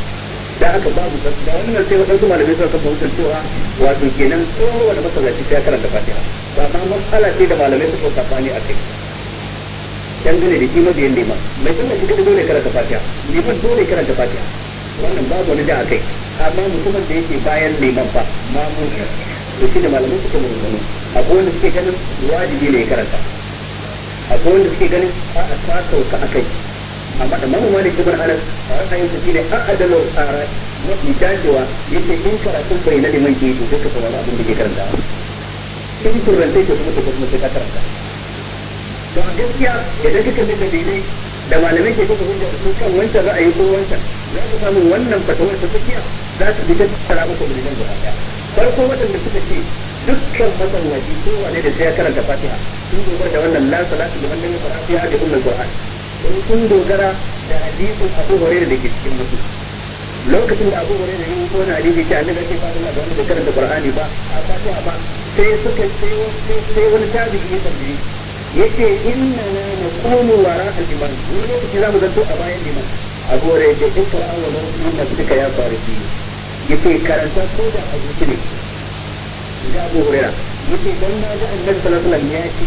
S1: da aka babu da wannan sai wadansu malamai suka kafa hujjar cewa wato kenan wani masallaci ta karanta fatiha ba ma matsala ce da malamai suka safani a kai dangane da shi mabiyin neman mai sallah shi kada dole karanta fatiha neman dole karanta fatiha wannan babu wani da akai amma mutumin da yake bayan neman fa mamu to shi da malamai suka mu a akwai wanda suke ganin wajibi ne ya karanta akwai wanda suke ganin a ta sauka akai amma da mamu malik ibn anas a ra'ayin sa shine a adalu tsara mafi dacewa yace in karatun bai na liman ke to sai ka saurari abin da ke karanta in turanta ke kuma ka kuma sai ka karanta to a gaskiya idan kika kalli da daidai da malamai ke kuka hujja da kan wancan ra'ayi ko wancan za ka samu wannan fatawar ta tsakiya za su bi ta tsara muku da nan gaba farko waɗanda suka ce dukkan masallaci kowane da sai ya karanta fatiha sun dogara da wannan la salatu liman lam yaqra fiha bi ummul qur'an in kun dogara da hadisin Abu hore da ke cikin musu lokacin da Abu hore da yi kone hadisi ce annabi ke fara da wani da karanta Qur'ani ba a a ba sai suka sai sai wani tabi'i ya tambaye yace inna na nakunu wara al-iman wani lokaci zamu zanto a bayan liman Abu hore ya in Qur'an wa Muhammad na suka ya fara shi yace karanta ko da abu ne
S2: ga Abu Hurairah
S1: yace dan na ga annabi sallallahu alaihi wasallam ya ce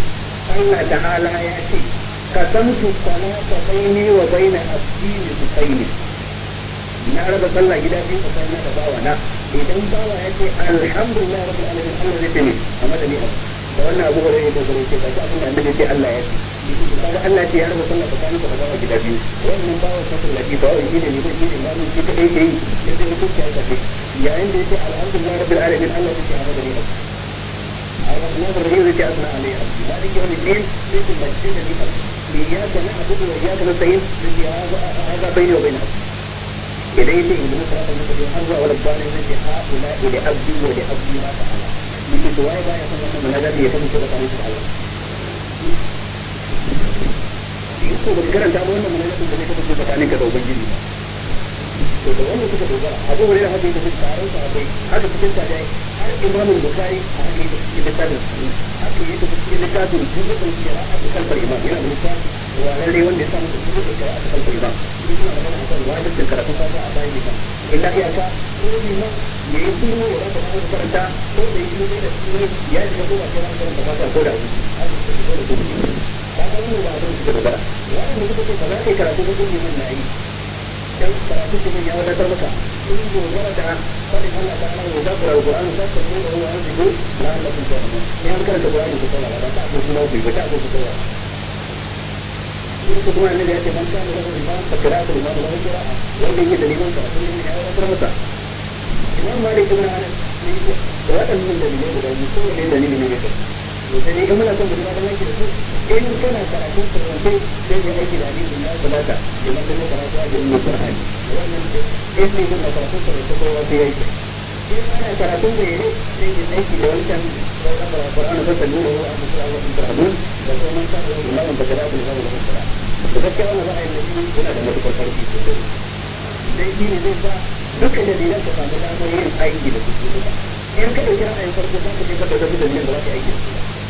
S1: Allah ta'ala ya ce قسمت الصلاة بيني وبين أبدي بسقيني na raba sallah gida biyu a kai da bawa na idan bawa ya ce alhamdulillah rabbil alamin Allah zai tani amma da ni da wannan abu da yake ce ba abin da annabi ce Allah ya ce kaga Allah ce ya raba sallah tsakanin ka da bawa gida biyu wannan bawa ta sallah ji bawa shi ne ne shi ne ba mun ce kadai kai ya ce mutum ya ce yayin da ya ce alhamdulillah rabbil alamin Allah ya ce amma da ni Allah ne ya ce asma alayhi malik yawmiddin sai kuma ce da ni bai yi haka nan abu da ya kana sayin ya ga bai yau bai idan ya ce yanzu na sarafa na kaji har zuwa wadda bane na ce ha ula ila abdi wa da abdi ma ta ala mutum da waye baya san wannan manazar da ya kan fito da kanin su ala yi ko ba karanta ba wannan manazar da ya kan fito da kanin ka da ubangiji ba to da wannan suka dogara a a da hadin da duk taron sa akwai haka cikin ta har imamul bukhari a hadin da cikin littafin haka yake da cikin littafin jumlatul qira'a a kalbar imam yana da littafi wa lalle wanda ya samu jumlatul qira'a a kalbar imam yana da magana akan wajibin karatu ka a bayan ka illa ya ka ko ni ma ya yi kuma ya rasa ko karanta ko da yi ne da shi ya ji ko ba ta karanta ba ta ko da shi ka ga mu ba da dogara wannan da kuke ba za ka karatu ba ko ne mun na yi dan karatu da fadin Allah ta Allah ya zakara Qur'ani ta a nuna wa an digo la Allah ta tsara ne an karanta Qur'ani ya ce man kana lahu iman fa qira'atu ma lahu qira'a wanda yake dalilin dalilai guda biyu ko to sai in muna son gudunar da da su in kana karatun kurwantai sai ya aiki da da ya kamata ya manta ne karatu a jirgin kur'ani wannan duk in ne yin karatun kurwantai kowa sai ya in
S2: ana karatun da yare sai ya aiki da wancan
S1: sauran kur'ani ko sallu da wani abu a da kur'ani da sauran kafin da malam bakara da zama da bakara da gaskiya wannan ra'ayin da shi yana da matukar karfi sosai
S2: dai shi ne zai sa
S1: dukkan dalilan ka samu damar yin aiki da su in ka ɗauki ra'ayin farko za ka je ka ɗauki dalilin da za ka aiki da su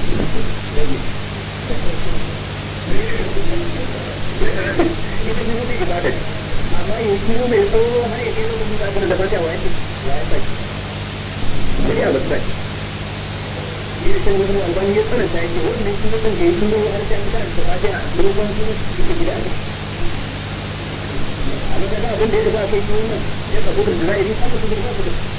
S1: amma ya mai tsawo har kai da abin ta wa yake ya yi sai sai ya yi wani alban ya wannan shi an karanta ba ta dogon su suke gida ne abin da ya a kai kiro nan ya da zai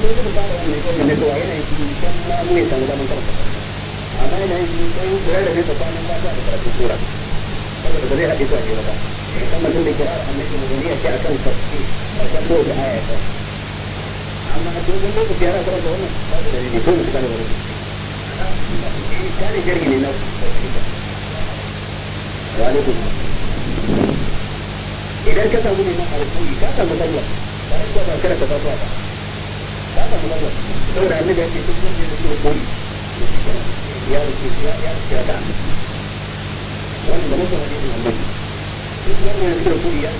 S2: inda to yana yi
S1: kan mu ne samu daman karanta amma yana yi kan kura da kai tsakanin ba da karatun ba zai haɗe su a jere ba musamman da kira annabi akan tafsir akan ko da aya a dogon da dalili ko mu tsakanin wani na wa idan ka samu neman alƙuri ka samu sallah ba ka karanta ba saboda annabi ya ce duk
S2: wanda ya zo koyi ya rike ya ya ya da ya ci ya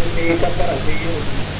S1: yi ya an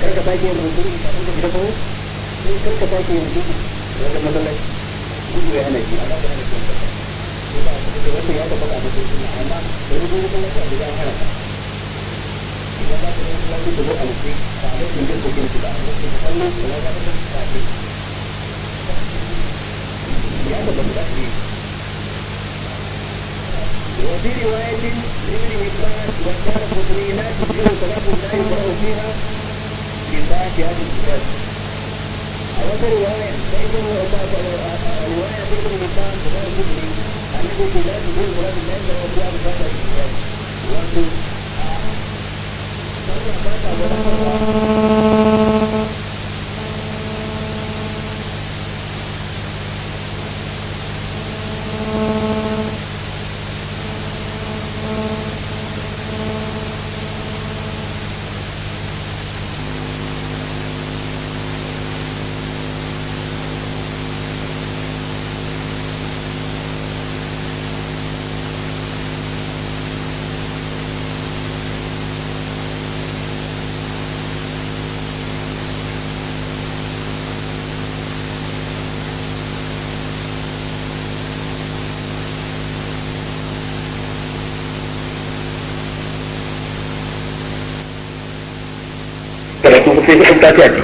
S1: kar ka sake yin rukuni kafin ka fita sahu eh, sai kar ka sake yin rukuni wajen masallaci gudu ya hana shi amma ka hana shi da wannan ya tabbata a matsayin sunna amma da rukuni kuma ka da an hana ka idan ba ka yi masallaci da zo a ba a lokacin da kokin shi ba a lokacin da kallo da
S2: na ga ta ta ce ya tabbata da shi
S1: وفي رواية لابن عباس وكانت مطمئنات تجيء صلاة لا يقرأ فيها كفاية في هذه الكتاب
S2: أوت رواية سيده وأباك رواية سيده مكان غير مبني أنه في ذلك يقول غلام الليل لو أبوه بهذا الكتاب وأنتم صلى الله عليه وسلم
S3: بحب فاتحتي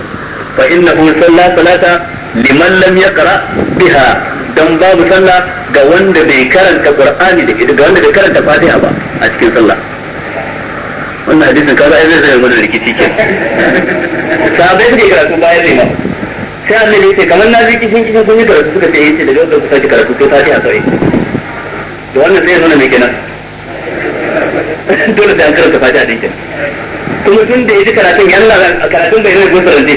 S3: فإنه صلى صلاة liman lam yaqra biha dan babu sallah ga wanda bai karanta qur'ani da ga wanda bai karanta fatiha ba a cikin sallah wannan hadisin ka ga zai zai mana rikici ke sahabbai suke karatu bayan rima sai annabi yace kamar na ji kishin kishin sun yi karatu suka ce yace daga wanda kuka ji karatu sai fatiha kawai da wannan zai nuna me kenan dole sai an karanta fatiha din kenan kuma tun da ya ji karatun ya lalata karatun bai nuna gusarar ne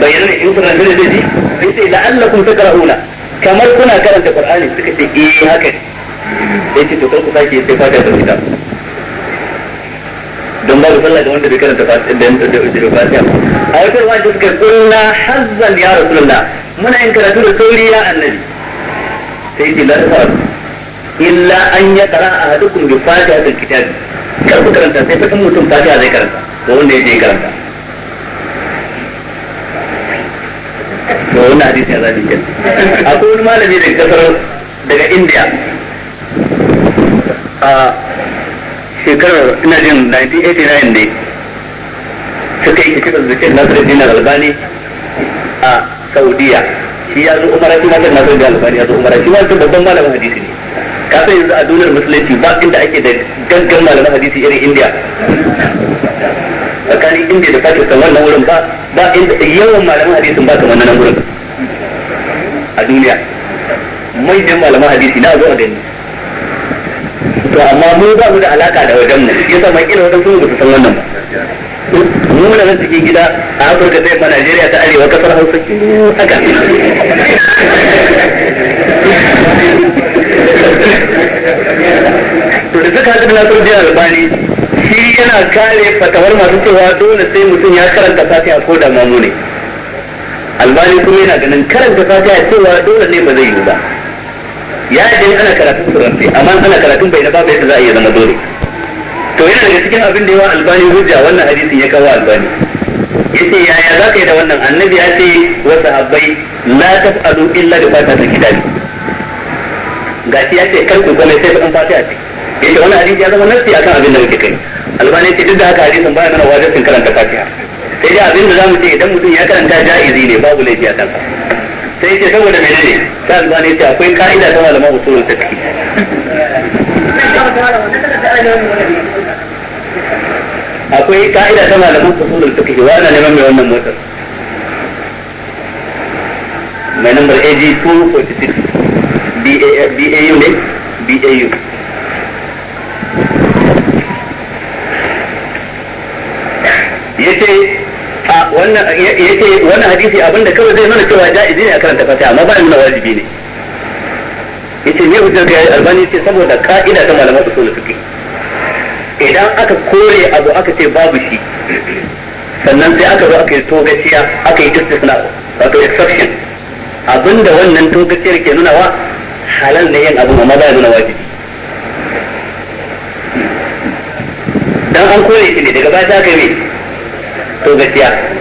S3: bai nuna gusarar ne zai ji sai sai la'allakum takra'una kamar kuna karanta qur'ani suka ce eh haka ne sai ce to kar ku sake sai fata ta kitab don babu sallah da wanda bai karanta fatiha da da da bai fatiha a wata ruwa da suka kunna hazzan ya rasulullah muna yin karatu da sauri ya annabi sai ce la ta illa an ya yaqra ahadukum bi ta kitab kar ku karanta sai fakin mutum fatiha zai karanta ko wanda ya je karanta to wannan hadisi ya zabi kin akwai wani malami daga kasar daga India a shekarar ina jin 1989 ne suka yi kitar da cikin Nasiruddin Albani a Saudiya shi ya zo umara shi ma kan Nasiruddin Albani ya zo umara shi ma babban malamin hadisi ka san yanzu a duniyar musulunci ba inda ake da gangan malaman hadisi irin a tsakanin india da pakistan wannan wurin ba ba inda yawan malaman hadisin ba kamar nan wurin a duniya mai jin malaman hadisi na zuwa a gani to amma mu ba mu da alaka da wajen mu yasa mai kila wajen su ba su san wannan ba mu da nan cikin gida a Afirka ta ma Najeriya ta arewa kasar Hausa haka suka haɗu da Nasiru Dina Albani shi yana kare fatawar masu cewa dole sai mutum ya karanta fatiha ko da mamu ne. Albani kuma yana ganin karanta fatiha cewa dole ne ba zai yi ba. Ya yi ana karatun suranti amma ana karatun bai na babu yadda za a iya zama dole. To yana daga cikin abin da yawa Albani hujja wannan hadisin ya kawo Albani. yace yaya za ka yi da wannan annabi ya ce wa sahabbai la tas'alu illa bi fatihatil kitab gashi ya ce kar ku kome sai fa an fatiha ce yace wannan hadisi ya zama nasi akan abin da muke kai albani ce duk da haka hadisin baya nuna wajibin karanta fatiha sai dai abin da zamu ce idan mutum ya karanta ja'izi ne babu laifi a kansa sai yace saboda menene sai albani ce akwai ka'ida ta malaman usulul fiqh akwai ka'ida ta malaman usulul fiqh wa ana neman mai wannan motar mai number AG 246 BAU ne BAU wannan yace wannan hadisi abinda kawai zai nuna cewa ja'izi ne a karanta fatiha amma ba nuna wajibi ne yace ne hujjar ga albani ce saboda ka'ida ta malaman usul fiqh idan aka kore abu aka ce babu shi sannan sai aka zo aka yi togaciya aka yi istisna wato exception abinda wannan togaciyar ke nuna wa halal ne yin abu amma ba nuna wajibi dan an kore shi ne daga baya za ka yi to gaskiya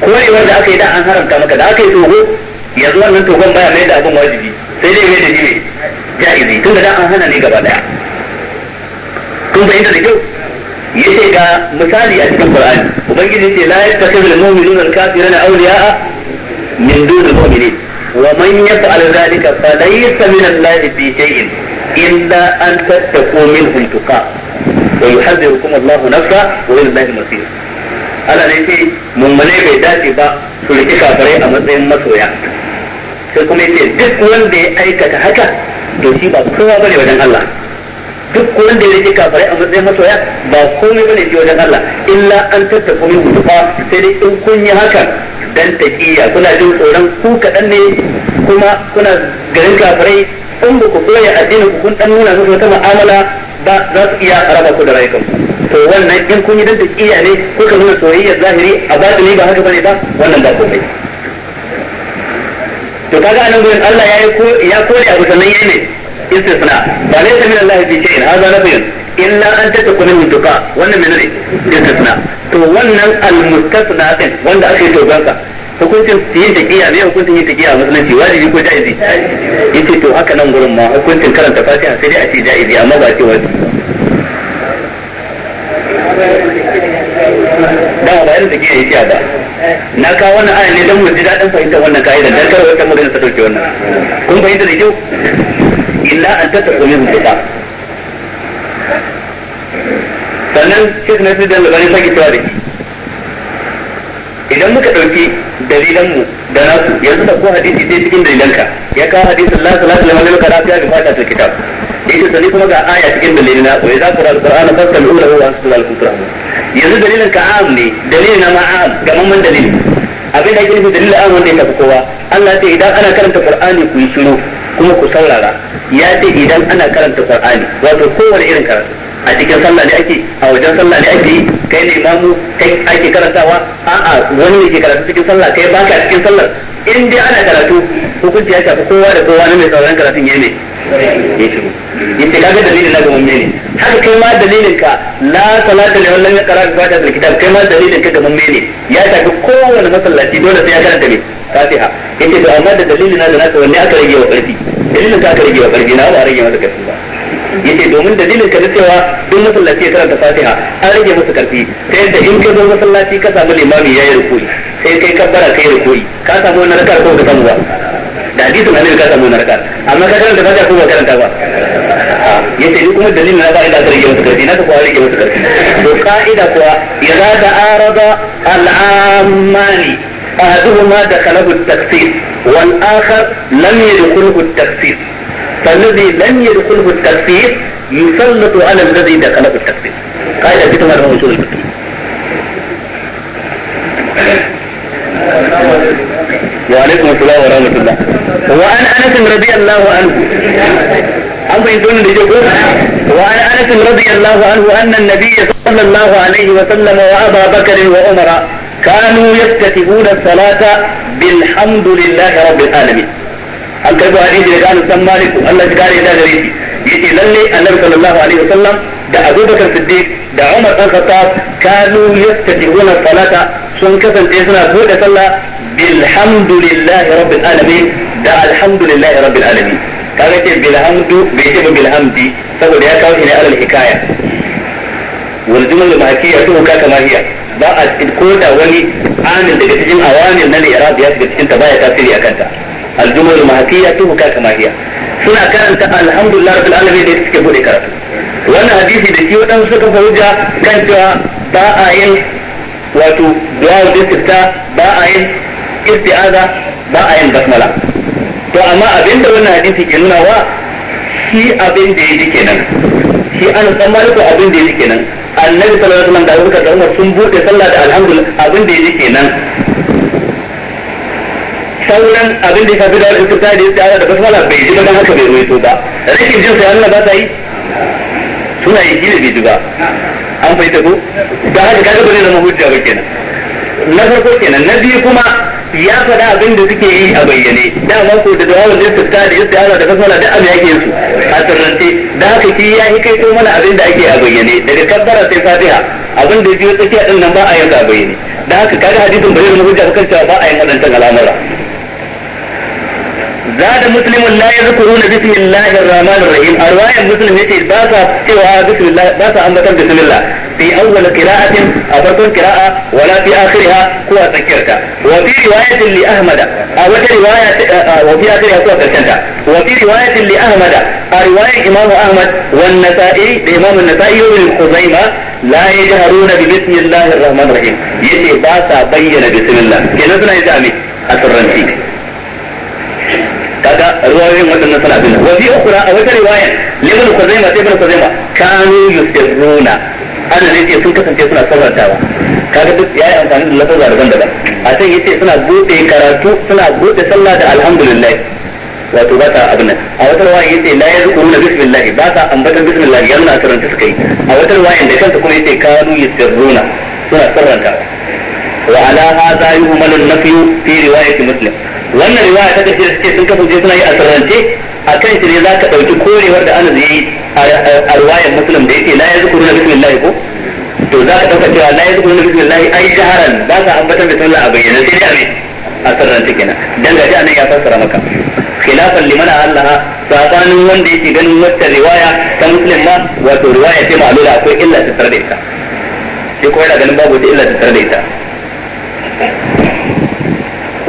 S3: korewar da aka yi da an haramta maka da aka yi togo yanzu wannan togon baya mai da abin wajibi sai dai mai da jini ja'izi tun da an hana ne gaba daya kun fahimta da kyau yace ga misali a cikin Qur'ani ubangiji ce la yattakhidhu al-mu'minuna al-kafirina awliya'a min dunil mu'minin wa man yaf'al dhalika falaysa min Allah fi shay'in illa an tattaqu minhum tuqa wa yuhadhirukum Allahu nafsa wa ila Allahi al-masir ana ne ce mummune bai dace ba su riƙi kafirai a matsayin masoya sai kuma yace duk wanda ya aikata haka to shi ba kowa bane wajen Allah duk wanda ya riƙi kafirai a matsayin masoya ba komai bane shi wajen Allah illa an tattafa mu ba sai dai in kun yi haka dan taqiya kuna jin tsoron ku kadan ne kuma kuna garin kafirai in ba ku koya addinin ku kun dan nuna musu wata mu'amala ba za su iya raba ku da rayukanku to wannan in kun yi dan tsiya ne kuka nuna soyayya zahiri a batini ba haka bane ba wannan ba komai to kaga anan gurin Allah ya ko ya kore abu sannan yayi ne istisna ba ta min Allah bi shay'in hadha nafiyun illa an tatakuna min tuqa wannan menene istisna to wannan al-mustasna din wanda ake to dogonsa hukuncin yin taqiya ne hukuncin yin a musulunci wajibi ko jaizi yace to haka nan gurin ma hukuncin karanta fatiha sai dai a ce jaizi amma ba ce wajibi arziki ya yi da na kawo wannan ayan ne don mu ji daɗin fahimtar wannan ka'idar dan kar wata magana ta dauke wannan kun fahimta da kyau illa an tattaka min bid'a sannan shi ne sai da labarin sake cewa da idan muka ɗauki dalilan mu da nasu yanzu da ko hadisi sai cikin dalilanka ya kawo hadisin la salatu liman lam yaqra fi fata fatiha kitab yake sani kuma ga aya cikin dalilin na wai za ku ra alqur'ana fastami'u lahu wa antum lahu tusrafun yanzu dalilin ka am ne dalilin na ma am ga mamman dalilin abin da yake dalilin am wanda ya tafi kowa Allah ce idan ana karanta qur'ani ku yi shiru kuma ku saurara ya ce idan ana karanta qur'ani wato kowane irin karatu a cikin sallah ne ake a wajen sallah ne ake kai ne imamu kai ake karantawa a'a wani ne ke karatu cikin sallah kai baka cikin sallah. in dai ana karatu hukunci ya shafi kowa da kowa na mai sauran karatun ya ne yace kaga dalilin na ga ne haka kai ma dalilin ka la salata ya karatu fata da kitab kai ma dalilin ka ga ne ya shafi masallaci dole sai ya karanta ne fatiha yace to amma da dalilin na da naka wanne aka rage wa karfi dalilin ka aka rage wa karfi na ba rage masa karfi ba yace domin dalilin ka na cewa duk masallaci ya karanta fatiha an rage masa karfi ta yadda in ka zo masallaci ka samu limami yayi rukuni sai kai kabbara kai rukuri ka samu wannan rakar ko ka samu ba da hadisin annabi ka samu wannan rakar amma ka karanta fatiha ko ba karanta ba ya ce ni kuma dalilin na ba ina rage musu karfi na ka kuwa rike musu karfi to ka'ida kuwa ya idza ta'arada al-ammani ahaduhuma dakhalahu at-tafsir wal akhar lam yadkhulhu at-tafsir فالذي لم يدخله التكفير يسلط على الذي دخله التكفير قاعدة بتمر من اصول الفقه
S2: وعليكم السلام ورحمة الله
S3: وعن أنس رضي الله عنه عم بيقول لي وأنا أنس رضي الله عنه أن النبي صلى الله عليه وسلم وأبا بكر وعمر كانوا يفتتحون الصلاة بالحمد لله رب العالمين هل كتبوا هذه الرجال السماء لكم الله تعالى إذا غريب يأتي للي النبي صلى الله عليه وسلم دا أبو بكر الصديق دا عمر الخطاب كانوا يفتتحون الصلاة سنكفا تيسنا بودة الله bilhamdulillahi rabbil alamin da alhamdulillahi rabbil alamin kaga ce bilhamdu bai ce ba bilhamdi saboda ya kawo shi ne alal hikaya wal jumla ya to ka kama hiya ba a ko da wani amin daga cikin awamin na irab ya shiga cikin ta baya tasiri akan ta al jumla ya to ka kama hiya suna karanta alhamdulillah rabbil alamin da suke bude karatu wannan hadisi da shi wadansu suka fahimta kan cewa ba a yin wato du'a da ba a yin isti'aza ba a yin basmala to amma abin da wannan hadisi ke nuna wa shi abin da yake kenan shi an san maliku abin da yake kenan annabi sallallahu alaihi wasallam da Abubakar da Umar sun bude sallah da alhamdulillah abin da yake kenan sauran abin da ya shafi da al-istifta da isti'aza da basmala bai ji ba dan haka bai ruwaito ba rashin jin sai yana ba ta yi suna yi gida bai ji ba an fahimta ko da haka kaga ba da zama hujja ba kenan na farko kenan na biyu kuma ya faɗa abin da suke yi a bayyane da dama ko da dawo da su ta da yadda ana da kasala da abin yake su a sirrance da haka shi ya yi kai mana abin da ake a bayyane daga kabbara sai fatiha abin da biyu tsakiya din nan ba a yanzu a bayyane da haka kaga hadisin bayyana zama hujja kan cewa ba a yin waɗancan al'amura زاد مسلم لا يذكرون بسم الله الرحمن الرحيم رواية مسلم يتي باسا سوى بسم الله باسا أمتا بسم الله في أول قراءة أفرق قراءة ولا في آخرها هو تذكرك وفي رواية لأحمد أو آه، رواية آه، آه، وفي آخرها هو تذكرك وفي رواية لأحمد رواية إمام أحمد والنسائي لإمام النسائي والخزيمة لا يجهرون ببسم الله الرحمن الرحيم يتي باسا بين بسم الله إذا سنعي أترنسيك kaga ruwayoyin waɗannan suna bin wa fi ukhra a wata riwaya liman kuzaima sai ibn kuzaima kanu yusirruna ana ne ce sun kasance suna sauratawa kaga duk yayi amfani da lafaza daban-daban a can yace suna bude karatu suna bude sallah da alhamdulillah wato ba ta abin nan a wata ruwaya yace la yazkuruna bismillah ba ta ambatan bismillah yana nuna karanta suka yi a wata ruwaya da kanta kuma yace kanu yusirruna suna sauratawa wa ala hadha yuhmalu an-nafyu fi riwayati muslim wannan riwaya ta tafi da suke sun kasance suna yi a sirrance a kan shi ne za ka ɗauki korewar da ana yi a riwayar musulun da yake la ya zukuru na bismillahi ko to za ka ɗauka cewa la ya zukuru na bismillahi ai jaharan ba ka ambatar da sallah a bayyana sai dai a me a sirrance kenan dan gaji anan ya fassara maka khilafan liman Allah sabanin wanda yake ganin wata riwaya ta musulun ma wato riwaya ce ma'lula akwai illa ta tare da ita shi ko yana ganin babu wata illa ta tare da ita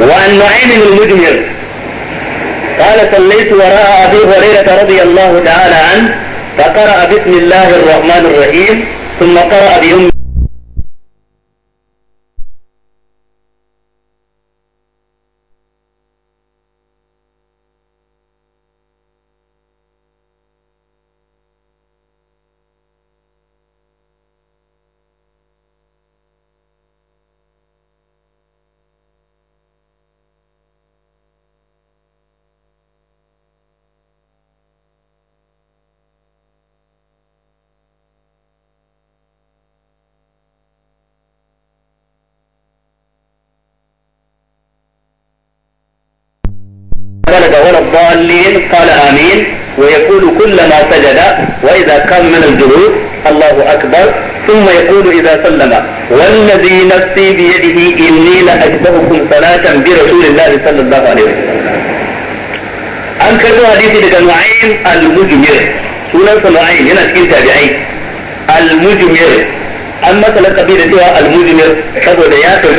S3: وعن نعيم المدمر قال صليت وراء أبي هريرة رضي الله تعالى عنه فقرأ بسم الله الرحمن الرحيم ثم
S2: قرأ بأم آمين قال آمين
S3: ويقول كلما سجد وإذا قام من الجلوس الله أكبر ثم يقول إذا سلم والذي نفسي بيده إني لأجبركم صلاة برسول الله صلى الله عليه وسلم an karɓo hadisi daga Nu'aym al-Mujmir sunansa Nu'aym yana cikin tabi'ai al-Mujmir an masa lakabi da cewa al-Mujmir saboda ya